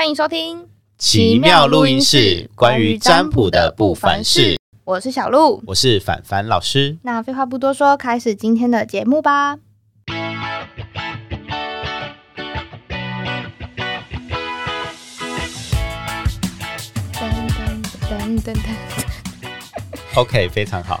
歡迎收聽《奇妙錄音室》關於占卜的不凡事。我是小鹿，我是凡凡老師。那廢話不多說，開始今天的節目吧。嗯嗯嗯嗯嗯嗯嗯、 OK，非常好。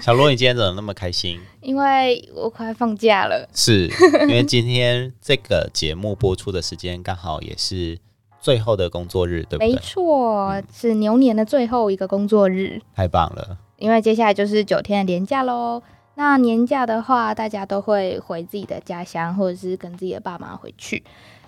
小鹿， 你今天怎麼那麼開心？因為我快放假了。是因為今天這個節目播出的時間剛好也是。最後的工作日，對不對？沒錯，是牛年的最後一個工作日。嗯，太棒了，因為接下來就是九天的年假嘍。那年假的話，大家都會回自己的家鄉，或者是跟自己的爸媽回去。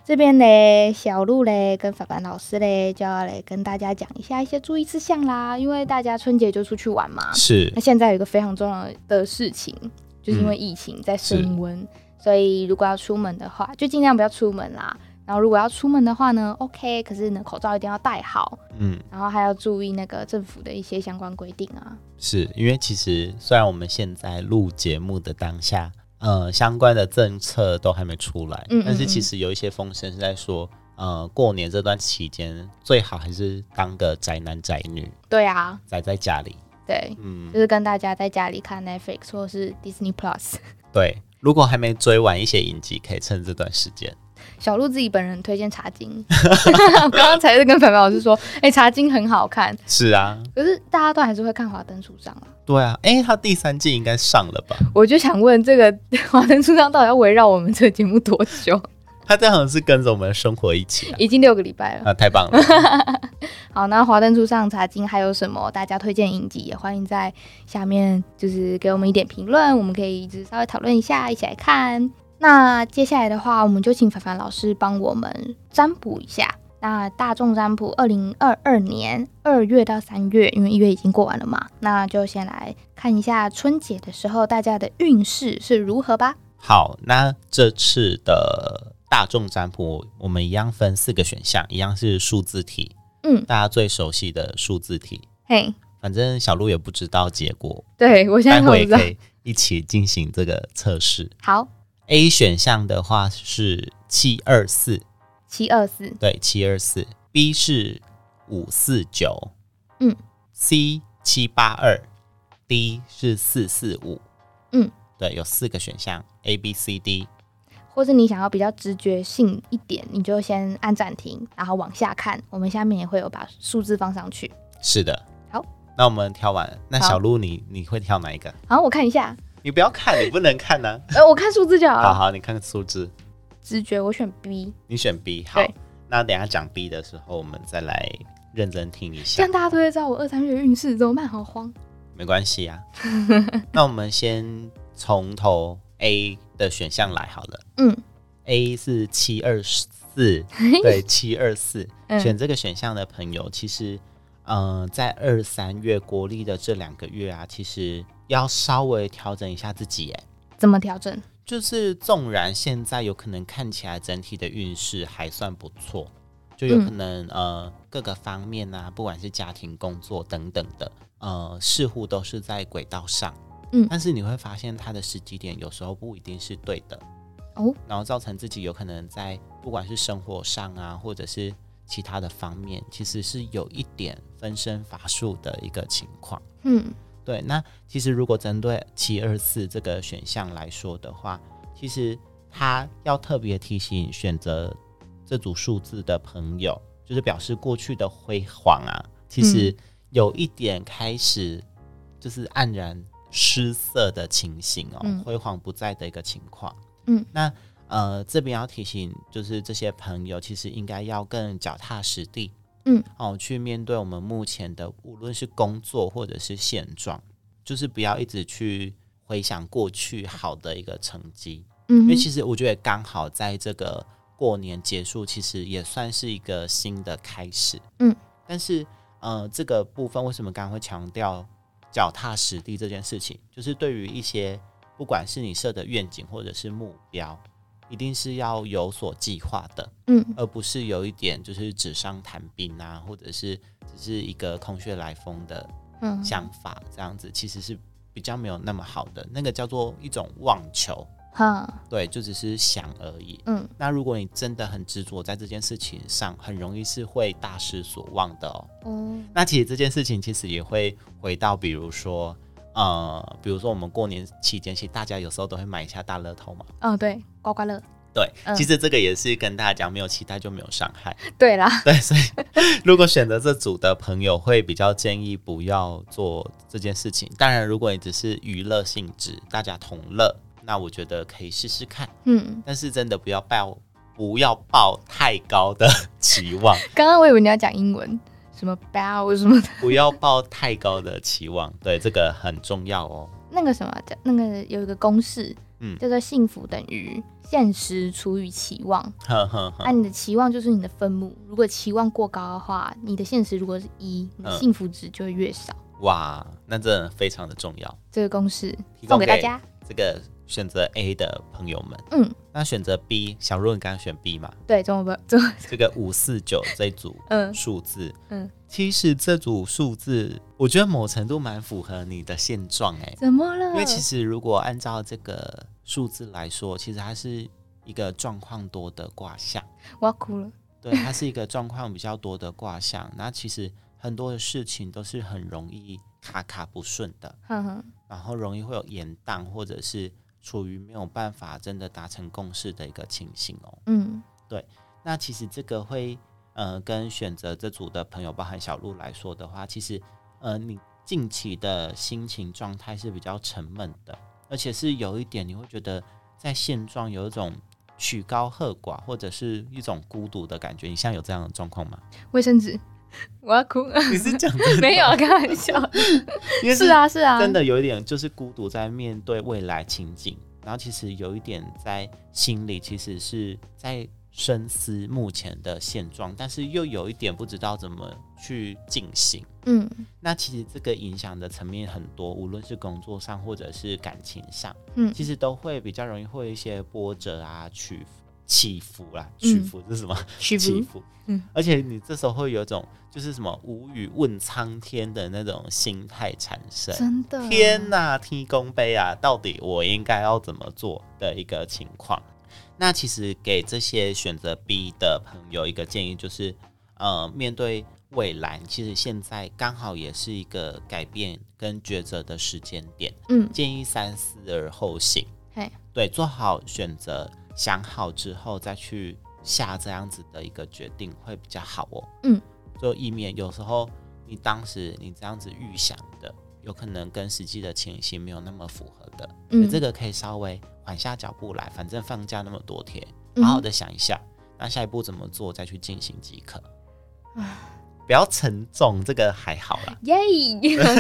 這邊呢，小鹿嘞，跟凡凡老師嘞，就要來跟大家講一下一些注意事項啦。因為大家春節就出去玩嘛。是。那現在有一個非常重要的事情，就是因為疫情在升溫，嗯，所以如果要出門的話，就尽量不要出門啦。然後如果要出門的話呢，OK，可是呢，口罩一定要戴好，嗯，然後還要注意那個政府的一些相關規定啊。是，因為其實雖然我們現在錄節目的當下，呃，相關的政策都還沒出來，嗯嗯嗯。但是其實有一些風聲是在說，呃，過年這段期間最好還是當個宅男宅女。對啊，宅在家裡。對，嗯，就是跟大家在家裡看 Netflix 或是 Disney Plus。對，如果還沒追完一些影集，可以趁這段時間。小鹿自己本人推薦、 欸《茶金》，剛剛才是跟凡凡老師說，哎，《茶金》很好看，是啊，可是大家都還是會看《華燈初上》啊。對啊，哎、欸，他第三季應該上了吧？我就想問，這個《華燈初上》到底要圍繞我們這個節目多久？他這樣好像是跟着我們生活一起、啊， 已經六個禮拜了，啊。太棒了。 好，那《華燈初上》《茶金》還有什麼大家推薦影集，也歡迎在下面就是給我們一點評論，我們可以就稍微討論一下，一起來看。那接下來的話，我們就請凡凡老師幫我們占卜一下。那大眾占卜二零二二年二月到三月，因為一月已經過完了嘛，那就先來看一下春節的時候大家的運勢是如何吧。好，那這次的大眾占卜，我們一樣分四個選項，一樣是數字題，嗯，大家最熟悉的數字題。嘿，反正小鹿也不知道結果。對，我現在我會的。待會可以一起進行這個測試。好。A 選項的話是七二四，七二四，對，七二四。B 是五四九，嗯。C 七八二，D 是四四五，嗯，對，有四個選項 A、B、C、D。或是你想要比較直覺性一點，你就先按暫停，然後往下看。我們下面也會有把數字放上去。是的。好，那我們跳完，那小鹿你你會跳哪一個？好，我看一下。你不要看，你不能看呢、啊 呃。我看數字就好，好好，你看看數字。直覺，我選 B。你選 B，好。那等下講 B 的時候，我們再來認真聽一下。像大家都會知道，我二三月運勢怎麼辦？好慌。沒關係啊。 那我們先從頭 A 的選項來好了。嗯。A 是七二四，對，七二四。選這個選項的朋友，其實，嗯、呃，在二三月國曆的這兩個月啊，其實。要稍微調整一下自己，誒，怎麼調整？就是縱然現在有可能看起來整體的運勢還算不錯，就有可能、嗯、呃各個方面呢、啊，不管是家庭、工作等等的，呃，似乎都是在軌道上。嗯，但是你會發現他的時機點有時候不一定是對的哦，然後造成自己有可能在不管是生活上啊，或者是其他的方面，其實是有一點分身乏術的一個情況。嗯。對，那其實如果針對七二四這個選項來說的話，其實他要特別提醒選擇這組數字的朋友，就是表示過去的輝煌啊，其實有一點開始就是黯然失色的情形哦，嗯、輝煌不在的一個情況。嗯，那呃這邊要提醒，就是這些朋友其實應該要更腳踏實地。嗯，哦，去面對我們目前的，無論是工作或者是現狀，就是不要一直去回想過去好的一個成績。嗯，因為其實我覺得剛好在這個過年結束，其實也算是一個新的開始。嗯，但是，呃，這個部分為什麼剛剛會強調腳踏實地這件事情？就是對於一些不管是你設的願景或者是目標，一定是要有所計劃的，嗯，而不是有一點就是紙上談兵啊，或者是只是一個空穴來風的想法這樣子，嗯，其實是比較沒有那麼好的，那個叫做一種妄求，哈，對，就只是想而已，嗯。那如果你真的很執着在這件事情上，很容易是會大失所望的喔，嗯。那其實這件事情其實也會回到，比如說，呃，比如說我們過年期間，其實大家有時候都會買一下大樂透嘛，嗯，哦，對。刮刮樂，對、嗯，其實這個也是跟大家講，沒有期待就沒有傷害。對啦，對，所以如果選擇這組的朋友，會比較建議不要做這件事情。當然，如果你只是娛樂性質，大家同樂，那我覺得可以試試看。嗯，但是真的不要抱，不要抱太高的期望。剛剛我以為你要講英文，什麼抱什麼的，不要抱太高的期望。對，這個很重要哦。那個什麼，那個有一個公式。嗯，叫、就、做、是、幸福等於現實除以期望。哈、那、啊、你的期望，就是你的分母，如果期望過高的話，你的現實如果是一、e, 嗯，你的幸福值就會越少。哇，那這非常的重要。這個公式送給大家。這個選擇 A 的朋友們，嗯。那選擇 B，小鹿，你剛剛選 B 嘛？對，中文不中文不？這個五四九這組，數字，嗯。嗯。其實這組數字，我覺得某程度蠻符合你的現狀，哎，怎麼了？因為其實如果按照這個數字來說，其實它是一個狀況多的卦象，我要哭了。對，它是一個狀況比較多的卦象，那 其實很多的事情都是很容易卡卡不順的， 然後容易會有延宕，或者是處於沒有辦法真的達成共識的一個情形哦、喔。嗯，對，那其實這個會。呃，跟選擇這組的朋友，包含小鹿來說的話，其實，呃，你近期的心情狀態是比較沉悶的，而且是有一點，你會覺得在現狀有一種曲高和寡，或者是一種孤獨的感覺。你現在有這樣的狀況嗎？衛生紙，我要哭。 你是講 沒有？開玩笑，是啊，是啊，真的有一點，就是孤獨在面對未來情景、啊啊，然後其實有一點在心裡，其實是在。深思目前的現狀，但是又有一點不知道怎麼去進行。嗯，那其實這個影響的層面很多，無論是工作上或者是感情上，嗯，其實都會比較容易會一些波折啊、起伏啊。起伏是什麼？起伏。嗯，而且你這時候會有一種就是什麼無語問蒼天的那種心態產生。真的？天吶、啊，天公伯啊！到底我應該要怎麼做的一個情況？那其實給這些選擇 B 的朋友一個建議就是，呃，面對未來，其實現在剛好也是一個改變跟抉擇的時間點。嗯，建議三思而後行。嘿，對，做好選擇，想好之後再去下這樣子的一個決定會比較好哦。嗯，就以免有時候你當時你這樣子預想的，有可能跟實際的情形沒有那麼符合的。嗯，所以這個可以稍微。緩下腳步來，反正放假那麼多天，好好的想一下，嗯、那下一步怎麼做，再去進行即可。唉，不要沉重，這個還好啦。耶，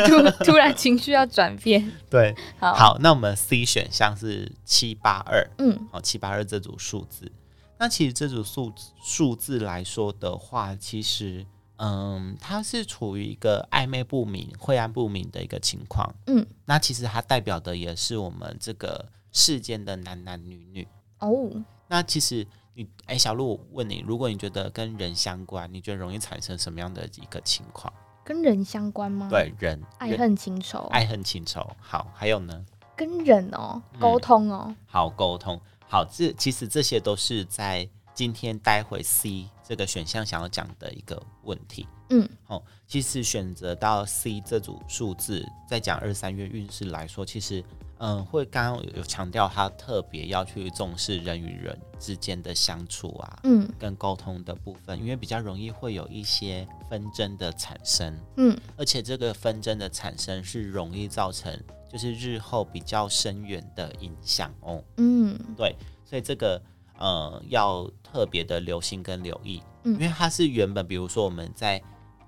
突突然情緒要轉變， 對，好，好，那我們 C 選項是七八二，嗯，好、哦，七八二這組數字。那其實這組數數字來說的話，其實，嗯，它是處於一個曖昧不明、晦暗不明的一個情況。嗯，那其實它代表的也是我們這個。世間的男男女女哦，oh. 那其實你哎、欸，小鹿，我問你，如果你覺得跟人相關，你覺得容易產生什麼樣的一個情況？跟人相關嗎？對，人愛恨情仇，愛恨情仇。好，還有呢？跟人哦，溝通哦，嗯、好溝通。好，這其實這些都是在今天待會 C 這個選項想要講的一個問題。嗯，哦，其實選擇到 C 這組數字，在講二三月運勢來說，其實。嗯，會剛剛有強調，他特別要去重視人與人之間的相處啊，嗯，跟溝通的部分，因為比較容易會有一些紛爭的產生，嗯，而且這個紛爭的產生是容易造成，就是日後比較深遠的影響哦，嗯，對，所以這個呃、嗯、要特別的留心跟留意，嗯、因為它是原本比如說我們在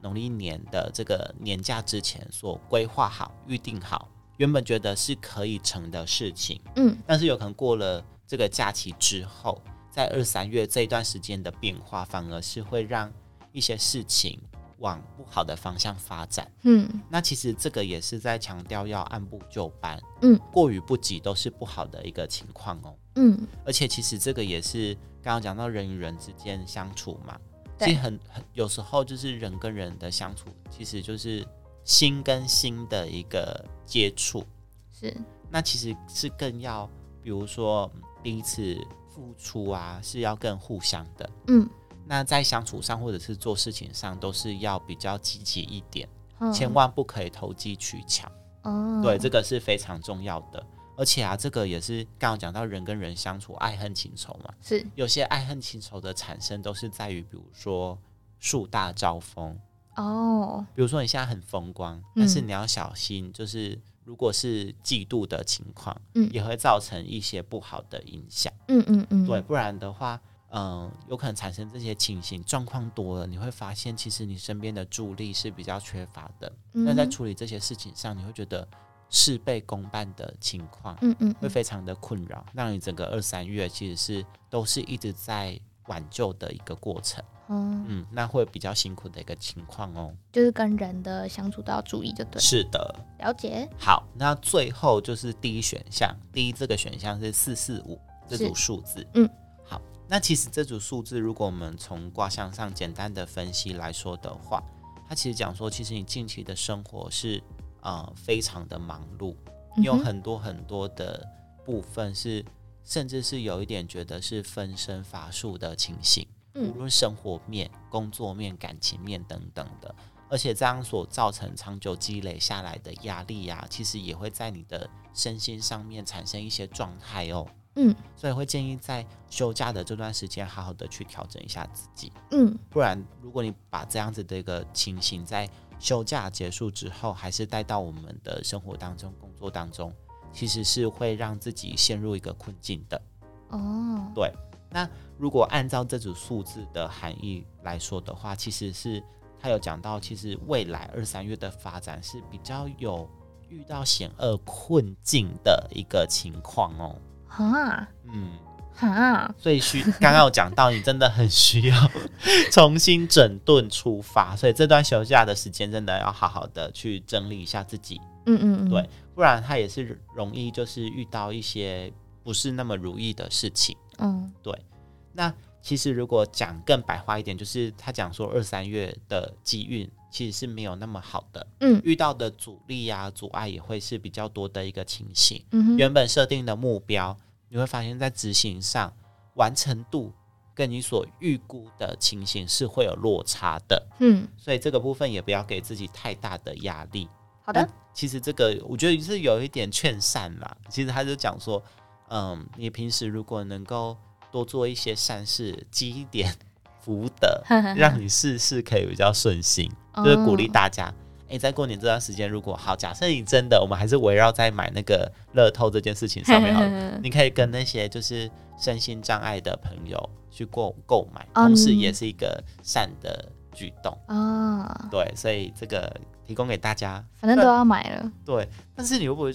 農曆年的這個年假之前所規劃好、預定好。原本覺得是可以成的事情，嗯，但是有可能過了這個假期之後，在二三月這一段時間的變化，反而是會讓一些事情往不好的方向發展，嗯，那其實這個也是在強調要按部就班，嗯，過與不及都是不好的一個情況哦，嗯，而且其實這個也是剛剛講到人與人之間相處嘛，其實很很有時候就是人跟人的相處，其實就是。心跟心的一個接觸，是那其實是更要，比如說彼此付出啊，是要更互相的，嗯，那在相處上或者是做事情上，都是要比較積極一點，嗯，千萬不可以投機取巧，哦，對，這個是非常重要的，而且啊，這個也是剛剛講到人跟人相處，愛恨情仇嘛，是有些愛恨情仇的產生，都是在於比如說樹大招風。哦、oh，比如說你現在很風光，嗯、但是你要小心，就是如果是嫉妒的情況、嗯，也會造成一些不好的影響。嗯嗯嗯，對，不然的話，嗯、呃，有可能產生這些情形狀況多了，你會發現其實你身邊的助力是比較缺乏的。那、嗯、在處理這些事情上，你會覺得事倍功半的情況，嗯嗯，會非常的困擾、嗯嗯嗯，讓你整個二三月其實是都是一直在挽救的一個過程。嗯嗯，那會比較辛苦的一個情況哦，就是跟人的相處都要注意，就對了。是的，了解。好，那最後就是第一選項，第一這個選項是四四五這組數字。嗯，好，那其實這組數字，如果我們從卦象上簡單的分析來說的話，它其實講說，其實你近期的生活是啊、呃、非常的忙碌，你有很多很多的部分是、嗯，甚至是有一點覺得是分身乏術的情形。無論生活面、工作面、感情面等等的，而且這樣所造成長久積累下來的壓力呀、啊，其實也會在你的身心上面產生一些狀態哦。嗯，所以會建議在休假的這段時間，好好的去調整一下自己。嗯，不然如果你把這樣子的一個情形在休假結束之後，還是帶到我們的生活當中、工作當中，其實是會讓自己陷入一個困境的。哦，對。那如果按照這組數字的含義來說的話，其實是他有講到，其實未來二三月的發展是比較有遇到險惡困境的一個情況哦。哈，嗯，哈，所以需剛剛有講到，你真的很需要 重新整頓出發，所以這段休假的時間真的要好好的去整理一下自己。嗯嗯嗯，對，不然他也是容易就是遇到一些不是那麼如意的事情。嗯，對。那其實如果講更白話一點，就是他講說二三月的機運其實是沒有那麼好的，嗯，遇到的阻力啊、阻礙也會是比較多的一個情形。嗯，原本設定的目標，你會發現在執行上完成度跟你所預估的情形是會有落差的。嗯，所以這個部分也不要給自己太大的壓力。好的。其實這個我覺得是有一點勸善嘛。其實他就講說。嗯，你平時如果能夠多做一些善事，積一點福德，讓你事事可以比較順心， 就是鼓勵大家。哎、oh. 欸，在過年這段時間，如果好，假設你真的，我們還是圍繞在買那個樂透這件事情上面好了 你可以跟那些就是身心障礙的朋友去購購買，oh. 同時也是一個善的舉動啊。Oh. 對，所以這個提供給大家，反正都要買了。對，但是你如果。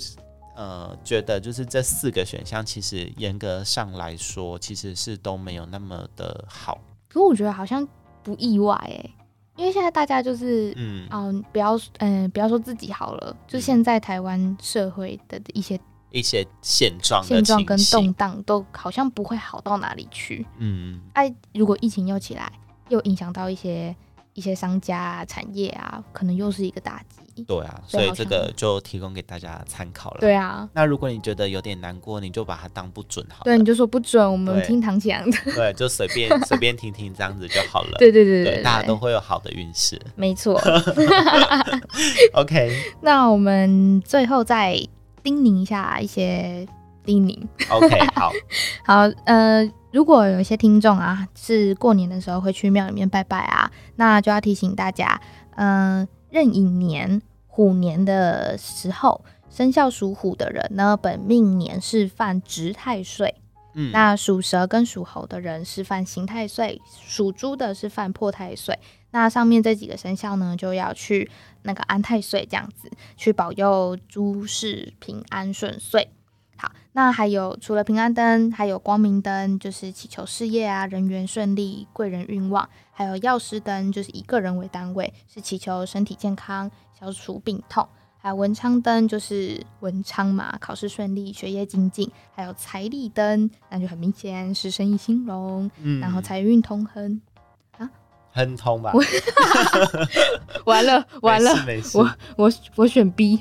呃，覺得就是這四個選項，其實嚴格上來說，其實是都沒有那麼的好。可是我覺得好像不意外誒、欸，因為現在大家就是嗯、呃、不要嗯、呃、不要說自己好了，就現在台灣社會的一些、嗯、一些現狀、現狀跟動盪，都好像不會好到哪裡去。嗯嗯，哎、啊，如果疫情又起來，又影響到一些。一些商家啊，產業啊，可能又是一個打擊。對啊，所以這個就提供給大家參考了。對啊，那如果你覺得有點難過，你就把它當不準好了。對，你就說不準，我們聽唐綺陽的。對，就隨便隨 便聽聽這樣子就好了。對對對對，對，對，對，對，大家都會有好的運勢。沒錯。 OK，那我們最後再叮嚀一下一些叮嚀。OK，好 好，呃。如果有一些聽眾啊，是過年的時候會去廟裡面拜拜啊，那就要提醒大家，嗯，壬寅年虎年的時候，生肖屬虎的人呢，本命年是犯值太歲，嗯，那屬蛇跟屬猴的人是犯刑太歲，屬豬的是犯破太歲，那上面這幾個生肖呢，就要去那個安太歲，這樣子去保佑諸事平安順遂。好，那還有除了平安燈，還有光明燈，就是祈求事業啊、人員順利、貴人運旺；還有藥師燈，就是以個人為單位，是祈求身體健康、消除病痛；還有文昌燈，就是文昌嘛，考試順利、學業精進；還有財力燈，那就很明顯是生意興隆，嗯，然後財運通亨。亨通吧 ，完了 完了，沒事，沒事我我我選 B，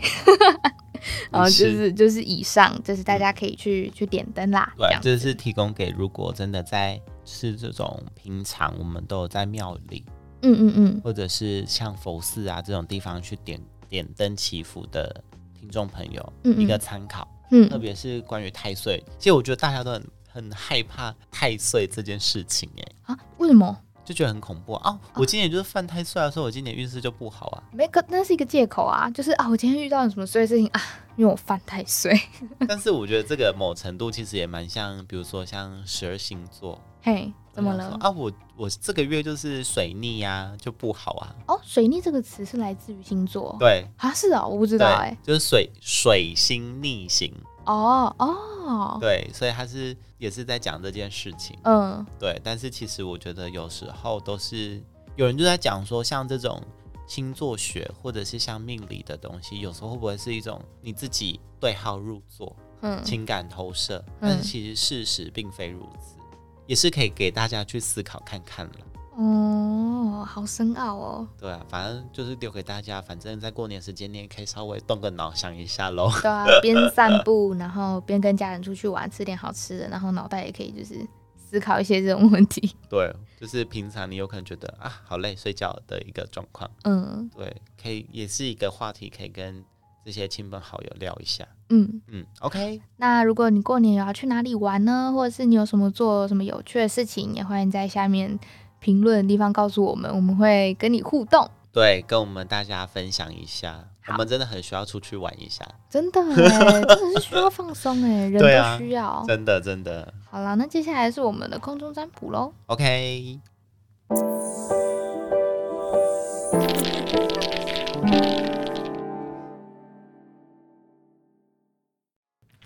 然後就是就是以上，就是大家可以去、嗯、去點燈啦。對、啊，這、就是提供給如果真的在是這種平常我們都有在廟裡，嗯嗯嗯，或者是像佛寺啊這種地方去點點燈祈福的聽眾朋友嗯嗯一個參考。嗯，嗯，特別是關於太歲，其實我覺得大家都很很害怕太歲這件事情，哎，啊，為什麼？就覺得很恐怖啊！Oh, oh, 我今年就是犯太歲，oh. 所以我今年運勢就不好啊。沒，可，那是一個借口啊，就是啊，我今天遇到了什麼衰事情啊，因為我犯太歲。 但是我覺得這個某程度其實也蠻像，比如說像十二星座，嘿、hey,，怎麼了麼啊？我我這個月就是水逆呀，啊，就不好啊。哦，oh,，水逆這個詞是來自於星座？對，好像是，啊，我不知道哎，欸，就是水水星逆行。哦哦，對，所以它是。也是在講這件事情，嗯，對。但是其實我覺得有時候都是有人就在講說，像這種星座學或者是像命理的東西，有時候會不會是一種你自己對號入座，嗯，情感投射？但是其實事實並非如此，嗯，也是可以給大家去思考看看了。哦，好深奧哦。對啊，反正就是丟給大家，反正在過年時間你也可以稍微動個腦想一下嘍。對啊，邊散步， 然後邊跟家人出去玩，吃點好吃的，然後腦袋也可以就是思考一些這種問題。對，就是平常你有可能覺得啊好累，睡覺的一個狀況。嗯，對，可以也是一個話題，可以跟這些親朋好友聊一下。嗯嗯，OK。那如果你過年有要去哪裡玩呢？或者是你有什麼做什麼有趣的事情，也歡迎在下面。評論的地方告訴我們，我們會跟你互動，對，跟我們大家分享一下。我們真的很需要出去玩一下，真的， 真的是需要放鬆，哎， 人都需要，對啊、真的真的。好了，那接下來是我們的空中占卜嘍。OK，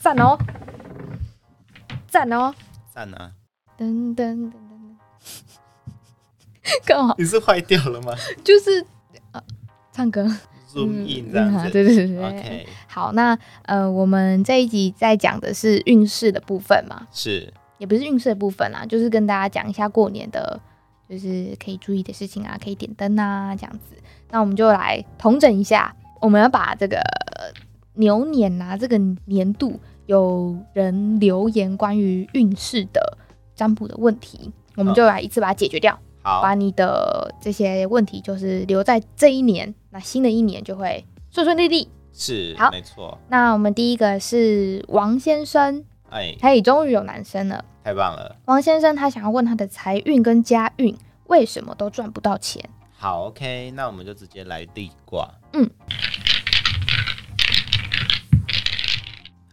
贊哦，贊哦、喔，贊、喔、啊！噔噔噔噔，噔。 你是壞掉了嗎？就是呃，唱歌錄音這樣子，嗯嗯啊、對對對、okay. 嗯、好，那呃，我們這一集在講的是運勢的部分嘛？是，也不是運勢的部分啦，就是跟大家講一下過年的、嗯、就是可以注意的事情啊，可以點燈啊這樣子。那我們就來統整一下，我們要把這個牛年啊這個年度有人留言關於運勢的占卜的問題，我們就來一次把它解決掉。嗯好，把你的這些問題就是留在這一年，那新的一年就會順順利利。是，好，沒錯。那我們第一個是王先生，哎，嘿，終於有男生了，太棒了。王先生他想要問他的財運跟家運為什麼都賺不到錢。好，OK，那我們就直接來立卦。嗯，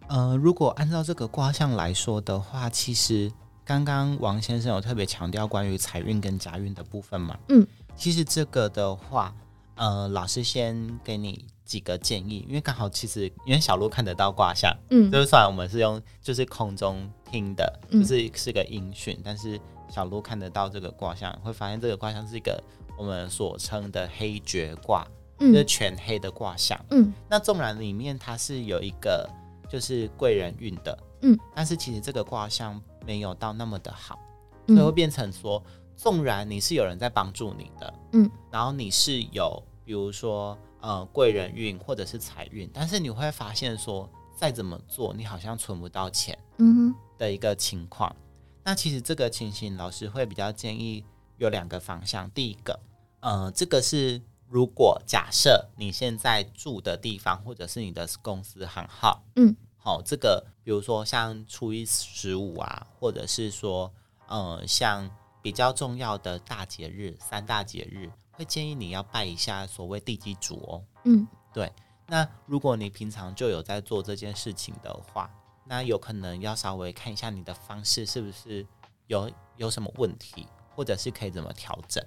呃，如果按照這個卦象來說的話，其實。剛剛王先生有特別強調關於財運跟家運的部分嘛。嗯，其實這個的話，呃，老師先給你幾個建議，因為剛好其實因為小鹿看得到卦象，嗯，就是雖然我們是用就是空中聽的，嗯、就是是個音訊，但是小鹿看得到這個卦象，會發現這個卦象是一個我們所稱的黑絕卦，嗯，就是全黑的卦象。嗯，那縱然裡面它是有一個就是貴人運的，嗯，但是其實這個卦象，沒有到那麼的好，所以會變成說、嗯，縱然你是有人在幫助你的，嗯，然後你是有，比如說，呃，貴人運或者是財運，但是你會發現說，再怎麼做，你好像存不到錢，嗯，的一個情況、嗯。那其實這個情形，老師會比較建議有兩個方向。第一個，呃，這個是如果假設你現在住的地方或者是你的公司行號，嗯。哦，這個比如說像初一十五啊，或者是說，呃，像比較重要的大節日，三大節日，會建議你要拜一下所謂地基主哦。嗯，對。那如果你平常就有在做這件事情的話，那有可能要稍微看一下你的方式是不是有有什麼問題，或者是可以怎麼調整。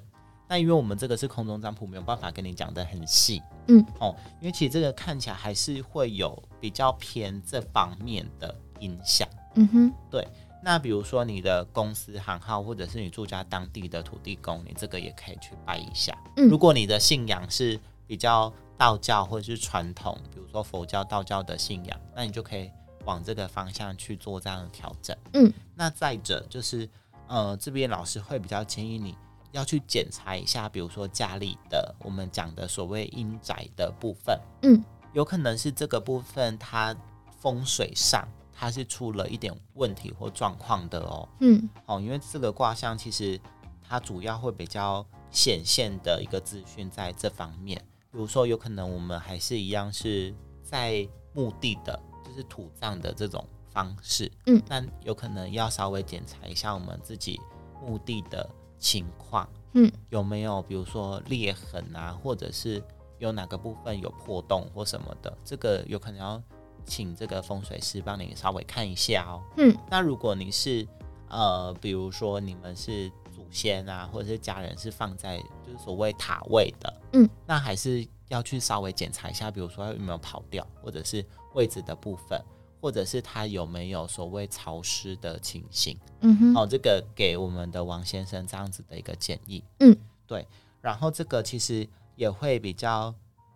那因為我們這個是空中占卜，沒有辦法跟你講得很細。嗯，哦，因為其實這個看起來還是會有。比較偏這方面的影響，嗯哼，對。那比如說你的公司行號，或者是你住家當地的土地公，你這個也可以去拜一下。嗯，如果你的信仰是比較道教或者是傳統，比如說佛教、道教的信仰，那你就可以往這個方向去做這樣的調整。嗯，那再者就是，呃，這邊老師會比較建議你要去檢查一下，比如說家裡的我們講的所謂陰宅的部分，嗯。有可能是這個部分，它風水上它是出了一點問題或狀況的哦。嗯，好，哦，因為這個卦象其實它主要會比較顯現的一個資訊在這方面，比如說有可能我們還是一樣是在墓地的，就是土葬的這種方式。嗯，但有可能要稍微檢查一下我們自己墓地的情況，嗯，有沒有比如說裂痕啊，或者是。有哪個部分有破洞或什麼的，這個有可能要請這個風水師幫您稍微看一下哦。嗯，那如果你是呃，比如說你們是祖先啊，或者是家人是放在就是所謂塔位的，嗯，那還是要去稍微檢查一下，比如說他有沒有跑掉，或者是位置的部分，或者是它有沒有所謂潮濕的情形。嗯哼，哦，這個給我們的王先生這樣子的一個建議。嗯，對，然後這個其實。也會比較，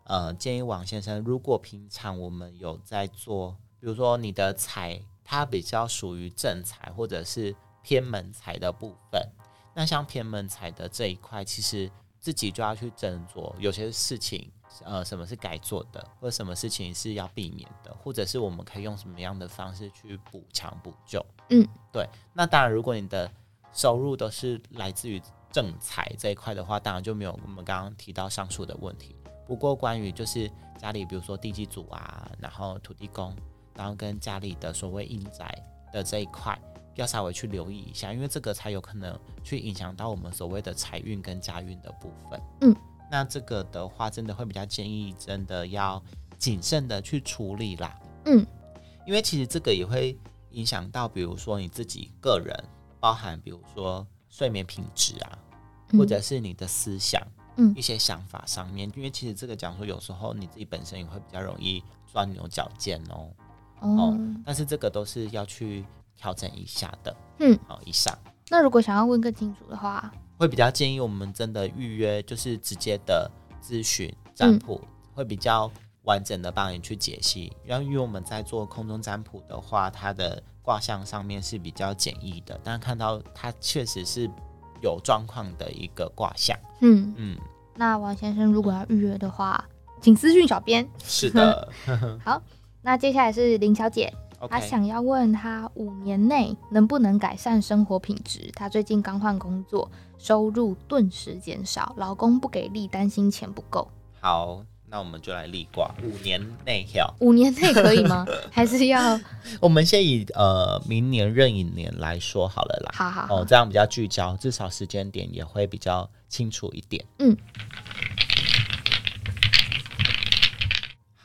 呃，建議王先生，如果平常我們有在做，比如說你的財，它比較屬於正財或者是偏門財的部分，那像偏門財的這一塊，其實自己就要去斟酌，有些事情，呃，什麼是該做的，或者什麼事情是要避免的，或者是我們可以用什麼樣的方式去補強補救，嗯，對。那當然，如果你的收入都是來自於正財這一塊的話，當然就沒有我們剛剛提到上述的問題。不過，關於就是家裡比如說地基主啊，然後土地公，然後跟家裡的所謂陰宅的這一塊，要稍微去留意一下，因為這個才有可能去影響到我們所謂的財運跟家運的部分。嗯，那這個的話，真的會比較建議，真的要謹慎的去處理啦。嗯，因為其實這個也會影響到，比如說你自己個人，包含比如說睡眠品質啊。或者是你的思想，嗯，一些想法上面，嗯、因為其實這個講說，有時候你自己本身也會比較容易鑽牛角尖哦、嗯，哦，但是這個都是要去調整一下的，嗯，好、哦，以上。那如果想要問個清楚的話，會比較建議我們真的預約，就是直接的諮詢占卜、嗯，會比較完整的幫你去解析。然後因為我們在做空中占卜的話，它的卦象上面是比較簡易的，但看到它確實是。有狀況的一個卦象，嗯嗯。那王先生如果要預約的話，嗯、請私訊小編。是的， 好。那接下來是林小姐，okay、她想要問她五年內能不能改善生活品質。她最近剛換工作，收入頓時減少，老公不給力，擔心錢不夠。好。那我們就來立卦，五年內要五年內可以嗎？ 還是要？我們先以呃明年任一年來說好了啦。好好,好哦，這樣比較聚焦，至少時間點也會比較清楚一點。嗯，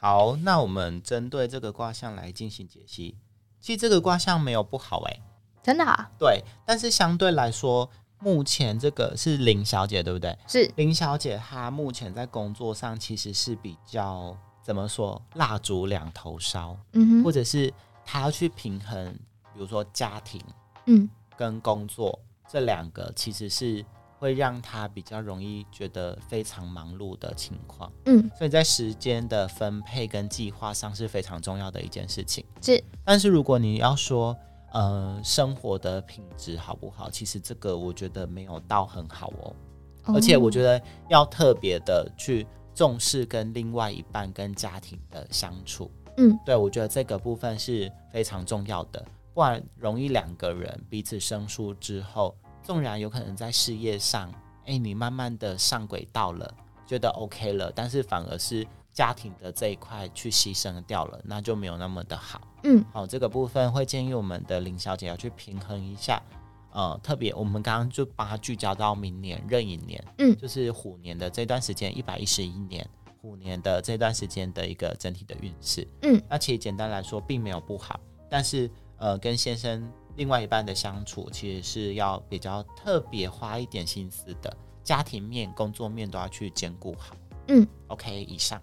好，那我們針對這個卦象來進行解析。其實這個卦象沒有不好哎、欸，真的、啊？對，但是相對來說。目前這個是林小姐，對不對？是林小姐，她目前在工作上其實是比較怎麼說，蠟燭兩頭燒，嗯哼，或者是她要去平衡，比如說家庭，嗯，跟工作這兩個其實是會讓她比較容易覺得非常忙碌的情況，嗯，所以在時間的分配跟計劃上是非常重要的一件事情，是。但是如果你要說，呃，生活的品質好不好？其實這個我覺得沒有到很好哦，嗯、而且我覺得要特別的去重視跟另外一半、跟家庭的相處。嗯，對，我覺得這個部分是非常重要的，不然容易兩個人彼此生疏之後，縱然有可能在事業上，哎、欸，你慢慢的上軌道了，覺得 OK 了，但是反而是家庭的這一塊去犧牲掉了，那就沒有那麼的好。嗯，好，這個部分會建議我們的林小姐要去平衡一下，呃，特別我們剛剛就把它聚焦到明年壬寅年，嗯，就是虎年的這段時間一百一十一年，虎年的這段時間的一個整體的運勢，嗯，那其實簡單來說並沒有不好，但是呃，跟先生另外一半的相處其實是要比較特別花一點心思的，家庭面、工作面都要去兼顧好。嗯，OK，以上，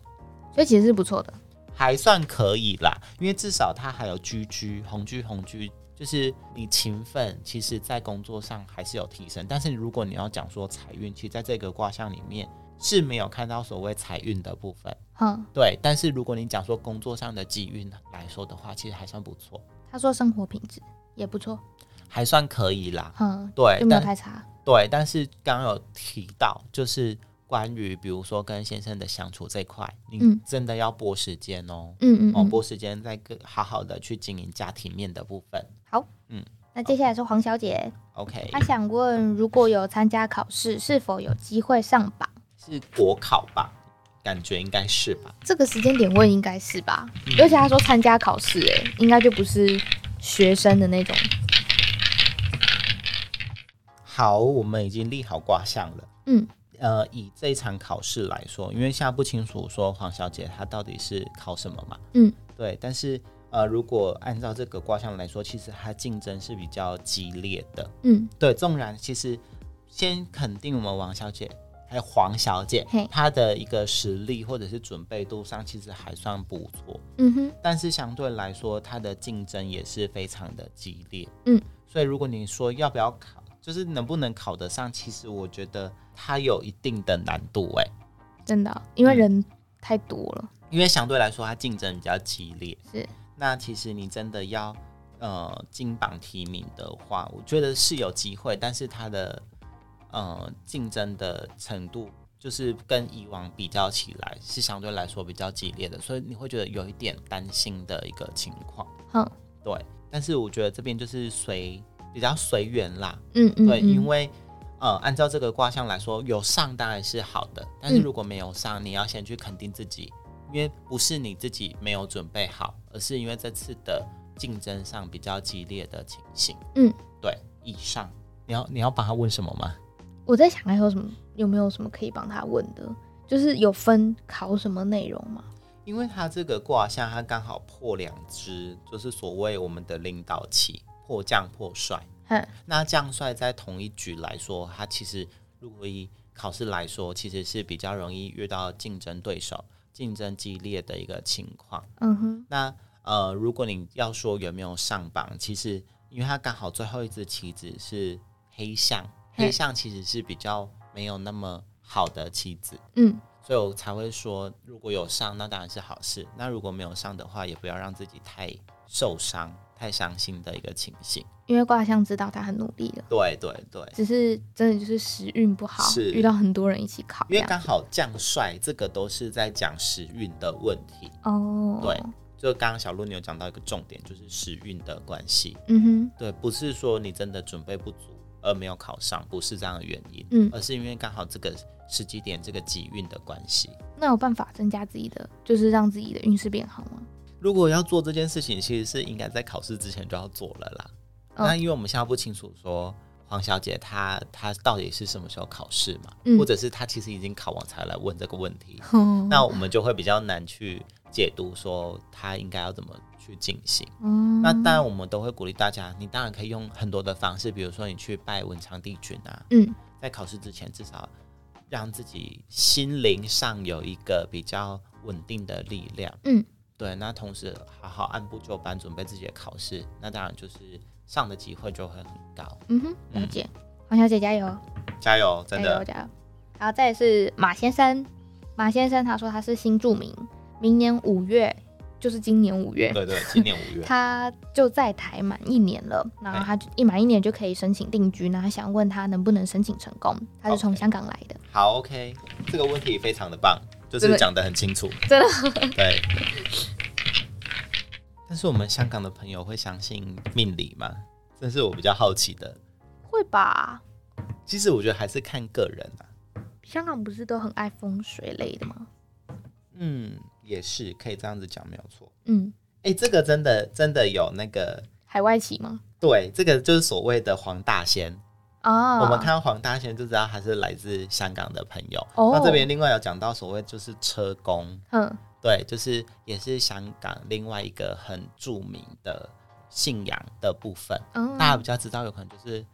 所以其實是不錯的。還算可以啦，因為至少他還有居居紅居紅居，就是你勤奮，其實在工作上還是有提升。但是如果你要講說財運，其實在這個卦象裡面是沒有看到所謂財運的部分。嗯，對。但是如果你講說工作上的機運來說的話，其實還算不錯。他說生活品質也不錯，還算可以啦。嗯，對，就沒有太差。對，但是剛剛有提到就是。關於比如說跟先生的相處這塊、嗯，你真的要撥時間哦。嗯嗯，撥、哦、時間再好好的去經營家庭面的部分。好，嗯，那接下來是黃小姐。OK，她想問，如果有參加考試，是否有機會上榜？是國考吧？感覺應該是吧？這個時間點問應該是吧？而、嗯、且她說參加考試，哎，應該就不是學生的那種。好，我們已經立好卦象了。嗯。呃，以這場考試來說，因為現在不清楚說黃小姐她到底是考什麼嘛，嗯，對。但是呃，如果按照這個卦象來說，其實她競爭是比較激烈的，嗯，對。縱然其實先肯定我們王小姐還有黃小姐，黃小姐，她的一個實力或者是準備度上其實還算不錯，嗯哼。但是相對來說，她的競爭也是非常的激烈，嗯。所以如果你說要不要考？就是能不能考得上，其實我覺得它有一定的難度。欸，哎，真的，哦，因為人太多了，嗯、因為相對來說它競爭比較激烈。是，那其實你真的要呃金榜題名的話，我覺得是有機會，但是它的呃競爭的程度，就是跟以往比較起來，是相對來說比較激烈的，所以你會覺得有一點擔心的一個情況。好，嗯，對，但是我覺得這邊就是隨。比較隨緣啦，嗯，嗯嗯，對，因為呃，按照這個卦象來說，有上當然是好的，但是如果沒有上，嗯，你要先去肯定自己，因為不是你自己沒有準備好，而是因為這次的競爭上比較激烈的情形，嗯，對。以上，你要你要幫他問什麼嗎？我在想還有什麼，有沒有什麼可以幫他問的，就是有分考什麼內容嗎？因為他這個卦象，他剛好破兩支，就是所謂我們的領導期、破將破帥，那將帥在同一局來說，他其實如果以考試來說，其實是比較容易遇到競爭對手，競爭激烈的一個情況。嗯哼，那呃，如果你要說有沒有上榜，其實因為他剛好最後一隻棋子是黑象，黑象其實是比較沒有那麼好的棋子，嗯，所以我才會說如果有上，那當然是好事；那如果沒有上的話，也不要讓自己太受傷。太傷心的一個情形，因為卦象知道他很努力了，對對對，只是真的就是時運不好是，遇到很多人一起考，因為剛好將帥這個都是在講時運的問題哦。對，就剛剛小鹿你有講到一個重點，就是時運的關係。嗯哼，對，不是說你真的準備不足而沒有考上，不是這樣的原因，嗯，而是因為剛好這個時機點這個機運的關係。那有辦法增加自己的，就是讓自己的運勢變好嗎？如果要做這件事情，其實是應該在考試之前就要做了啦。Oh. 那因為我們現在不清楚說黃小姐她她到底是什麼時候考試嘛？嗯，或者是她其實已經考完才來問這個問題，Oh. 那我們就會比較難去解讀說她應該要怎麼去進行。Oh. 那當然我們都會鼓勵大家，你當然可以用很多的方式，比如說你去拜文昌帝君啊，嗯，在考試之前至少讓自己心靈上有一個比較穩定的力量，嗯。對，那同時好好按部就班準備自己的考試，那當然就是上的機會就會很高。嗯哼，了解、嗯，黃小姐加油，加油，真的加油加油。然後再是馬先生，馬先生他說他是新住民，明年五月就是今年五月，對，對對，今年五月， 他就在台滿一年了，然後他一滿一年就可以申請定居，然後想問他能不能申請成功，他是從香港來的。Okay. 好，OK，這個問題非常的棒。就是講得很清楚真的，真的。對，但是我們香港的朋友會相信命理嗎？這是我比較好奇的。會吧？其實我覺得還是看個人啦、啊。香港不是都很愛風水類的嗎？嗯，也是，可以這樣子講，沒有錯。嗯，誒、欸，這個真的真的有那個海外企嗎？對，這個就是所謂的黃大仙。Oh. 我們看到黃大仙就知道他是來自香港的朋友。Oh. 那這邊另外有講到所謂就是車公，嗯、oh.，對，就是也是香港另外一個很著名的信仰的部分。Oh. 大家比較知道有可能就是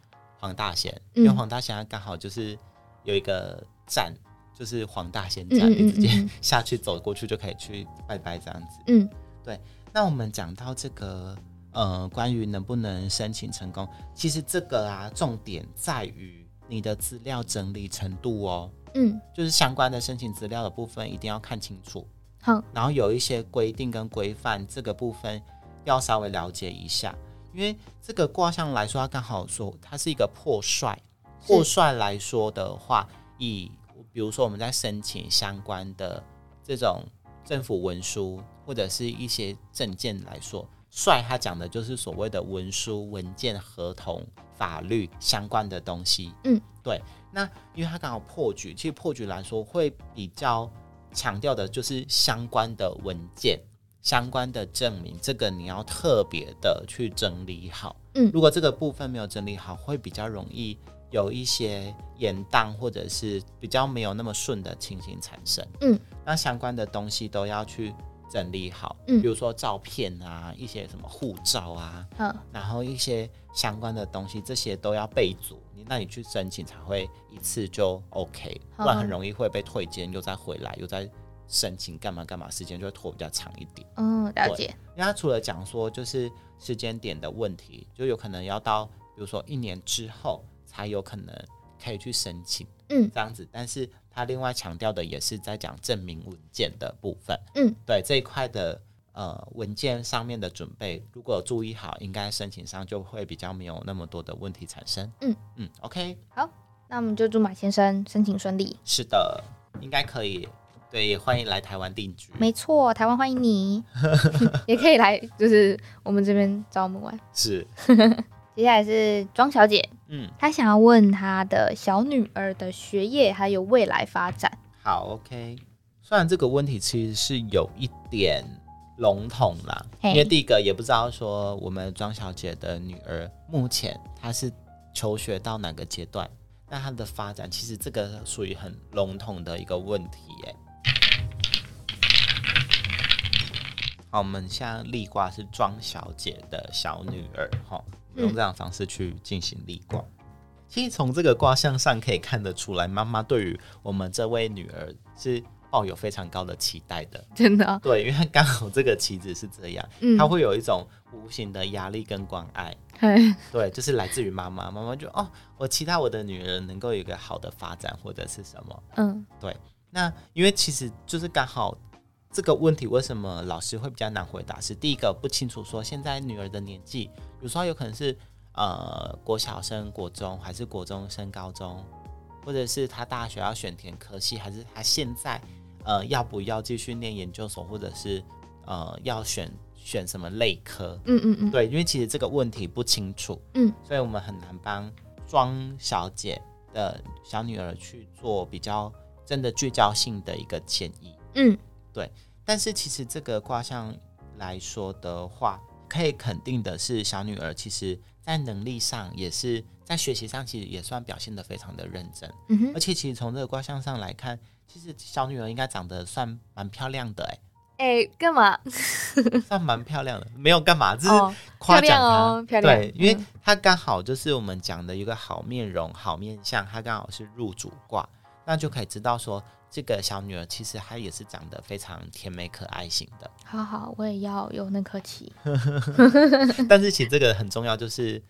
黃大仙，oh. 因為黃大仙剛好就是有一個站，嗯、就是黃大仙站嗯嗯嗯，你直接下去走過去就可以去拜拜這樣子。嗯，對。那我們講到這個。呃、嗯，關於能不能申請成功，其實這個啊，重點在於你的資料整理程度哦、喔。嗯，就是相關的申請資料的部分一定要看清楚。好，然後有一些規定跟規範，這個部分要稍微了解一下。因為這個卦象來說，它剛好說它是一個破帥。破帥來說的話，以比如說我們在申請相關的這種政府文書或者是一些證件來說。帥，他講的就是所謂的文書、文件、合同、法律相關的東西。嗯，對。那因為他剛好破局，其實破局來說會比較強調的，就是相關的文件、相關的證明，這個你要特別的去整理好。嗯，如果這個部分沒有整理好，會比較容易有一些延宕，或者是比較沒有那麼順的情形產生。嗯，那相關的東西都要去整理好，嗯，比如說照片啊，嗯、一些什麼護照啊，然後一些相關的東西，這些都要備足。你那你去申請才會一次就 OK。哦、不然很容易會被退簽，又再回來，又再申請幹嘛幹嘛，時間就會拖比較長一點。嗯、哦，了解。因為他除了講說就是時間點的問題，就有可能要到比如說一年之後才有可能可以去申請，嗯，這樣子，但是。他另外強調的也是在講證明文件的部分，嗯，對這一塊的呃文件上面的準備，如果注意好，應該申請上就會比較沒有那麼多的問題產生。嗯嗯，OK，好，那我們就祝馬先生申請順利。是的，應該可以，對，歡迎來台灣定居。沒錯，台灣歡迎你， 也可以來就是我們這邊找我們玩。是， 接下來是莊小姐。嗯，他想要問他的小女兒的學業還有未來發展。好，OK。雖然這個問題其實是有一點籠統啦，Hey. 因為第一個也不知道說我們莊小姐的女兒目前她是求學到哪個階段，那她的發展其實這個屬於很籠統的一個問題，欸，好，我們現在立卦是莊小姐的小女兒，哈，用這樣的方式去進行立卦。其實從這個卦象上可以看得出來，媽媽對於我們這位女兒是抱有非常高的期待的，真的、哦。對，因為剛好這個旗子是這樣，她會有一種無形的壓力跟關愛，對、嗯，對，就是來自於媽媽。媽媽就哦，我期待我的女兒能夠有一個好的發展，或者是什麼，嗯，對。那因為其實就是剛好。這個問題為什麼老師會比較難回答是？是第一個不清楚，說現在女兒的年紀，比如說有可能是呃國小升國中，還是國中升高中，或者是她大學要選填科系，還是她現在呃要不要繼續念研究所，或者是呃要選選什麼類科？嗯嗯嗯，對，因為其實這個問題不清楚，嗯，所以我們很難幫莊小姐的小女兒去做比較真的聚焦性的一個建議。嗯。對，但是其實這個卦象，來說的話，可以肯定的是，小女兒其實，在能力上也是，在學習上其實也算表現的非常的認真。嗯哼。而且其實從這個卦象上來看，其實小女兒應該長得算蠻漂亮的哎。哎，幹嘛？ 算蠻漂亮的，沒有幹嘛，這是誇獎她。哦漂亮哦，漂亮。對，因為她剛好就是我們講的一個好面容、好面相，她剛好是入主卦，那就可以知道說。這個小女兒其實她也是長得非常甜美可愛型的。好好，我也要有那顆心。 但是其實這個很重要，就是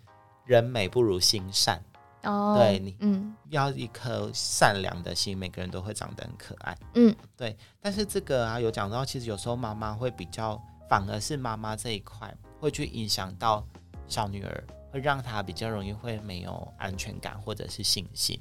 人美不如心善。哦，對你，嗯，要一顆善良的心，嗯，每個人都會長得很可愛。嗯，對。但是這個啊，有講到，其實有時候媽媽會比較，反而是媽媽這一塊會去影響到小女兒，會讓她比較容易會沒有安全感或者是信心。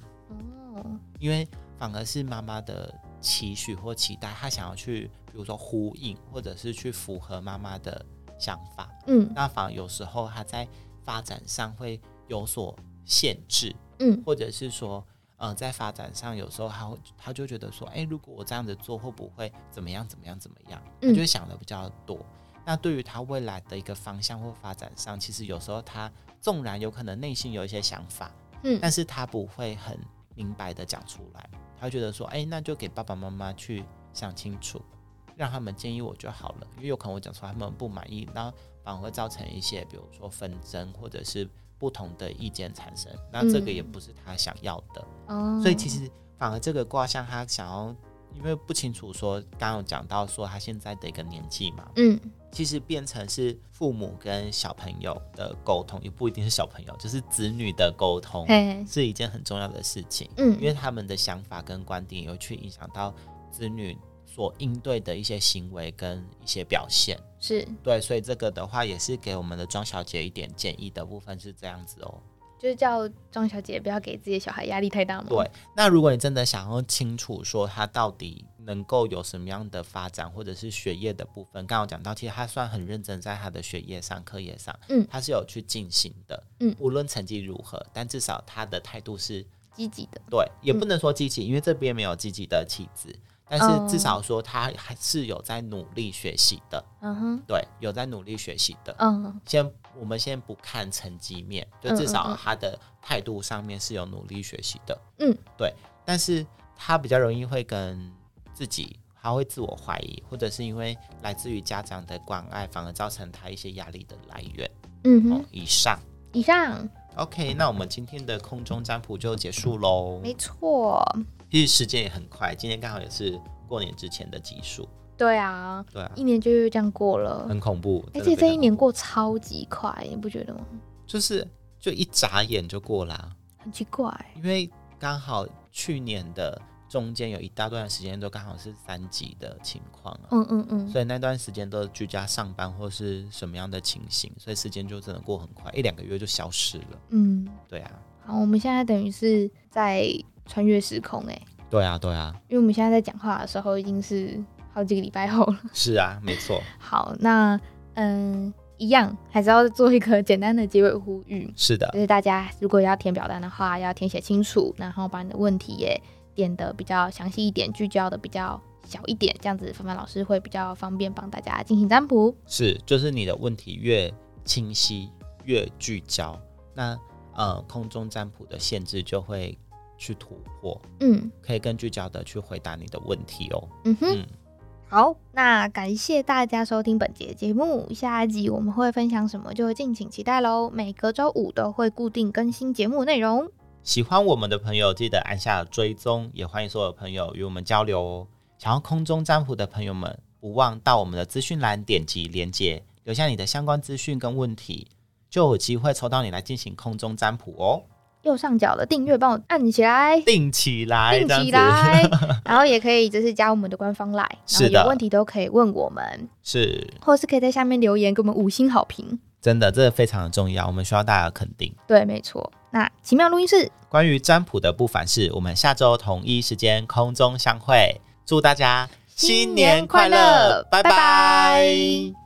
哦，因為。反而是媽媽的期許或期待，他想要去，比如說呼應，或者是去符合媽媽的想法。嗯，那反而有時候他在發展上會有所限制。嗯，或者是說，呃，在發展上有時候他會，他就覺得說，哎、欸，如果我這樣子做，會不會怎麼樣？怎麼樣？怎麼樣？他就想的比較多。嗯、那對於他未來的一個方向或發展上，其實有時候他縱然有可能內心有一些想法，嗯，但是他不會很。明白的講出來，他覺得說，哎、欸，那就給爸爸媽媽去想清楚，讓他們建議我就好了。因為有可能我講出來他們不滿意，那反而會造成一些，比如說紛爭，或者是不同的意見產生。那這個也不是他想要的，嗯、所以其實反而這個卦象，他想要。因為不清楚說，說剛剛有講到說他現在的一個年紀嘛，嗯，其實變成是父母跟小朋友的溝通，也不一定是小朋友，就是子女的溝通，是一件很重要的事情，嗯，因為他們的想法跟觀點有去影響到子女所應對的一些行為跟一些表現，是對，所以這個的話也是給我們的莊小姐一點建議的部分是這樣子哦。就是叫莊小姐不要給自己的小孩壓力太大嘛。對，那如果你真的想要清楚說他到底能夠有什麼樣的發展，或者是學業的部分，剛剛講到，其實他算很認真在他的學業上、課業上，嗯，他是有去進行的，嗯，無論成績如何，但至少他的態度是積極的，對，也不能說積極，因為這邊沒有積極的氣質。但是至少說，他還是有在努力學習的。嗯哼，對，有在努力學習的。嗯哼、uh-huh.，先我們先不看成績面，對 uh-huh. 就至少他的態度上面是有努力學習的。嗯、uh-huh.，對。但是他比較容易會跟自己，他會自我懷疑，或者是因為來自於家長的關愛，反而造成他一些壓力的來源。嗯，以上，以上。Uh-huh. OK，、uh-huh. 那我們今天的空中占卜就結束嘍。沒錯。其實時間也很快，今天剛好也是過年之前的集數。對啊，對啊，一年就又這樣過了，很恐怖。而、欸、且這一年過超級快，你不覺得嗎？就是就一眨眼就過了、啊，很奇怪。因為剛好去年的中間有一大段時間都剛好是三級的情況啊，嗯嗯嗯，所以那段時間都居家上班或是什麼樣的情形，所以時間就真的過很快，一兩個月就消失了。嗯，對啊。好，我們現在等於是在。穿越時空、欸，哎，對啊，對啊，因為我們現在在講話的時候已經是好幾個禮拜後了。是啊，沒錯。好，那嗯，一樣還是要做一個簡單的結尾呼籲。是的，就是大家如果要填表單的話，要填寫清楚，然後把你的問題也點得比較詳細一點，聚焦得比較小一點，這樣子凡凡老師會比較方便幫大家進行占卜。是，就是你的問題越清晰、越聚焦，那呃，空中占卜的限制就會。去突破，嗯，可以更聚焦的去回答你的問題哦。嗯哼，嗯，好，那感謝大家收聽本節節目，下一集我們會分享什麼，就敬請期待嘍。每個周五都會固定更新節目內容。喜歡我們的朋友，記得按下追蹤，也歡迎所有朋友與我們交流哦。想要空中占卜的朋友們，不忘到我們的資訊欄點擊連接，留下你的相關資訊跟問題，就有機會抽到你來進行空中占卜哦。右上角的訂閱幫我按起來，訂起，起來， 然後也可以就是加我們的官方 LINE，是的，有問題都可以問我們，是，或是可以在下面留言給我們五星好評，真的，這個非常的重要，我們需要大家肯定，對，沒錯。那奇妙錄音室關於占卜的部分是，不凡是我們下周同一時間空中相會，祝大家新年快樂，拜拜。拜拜。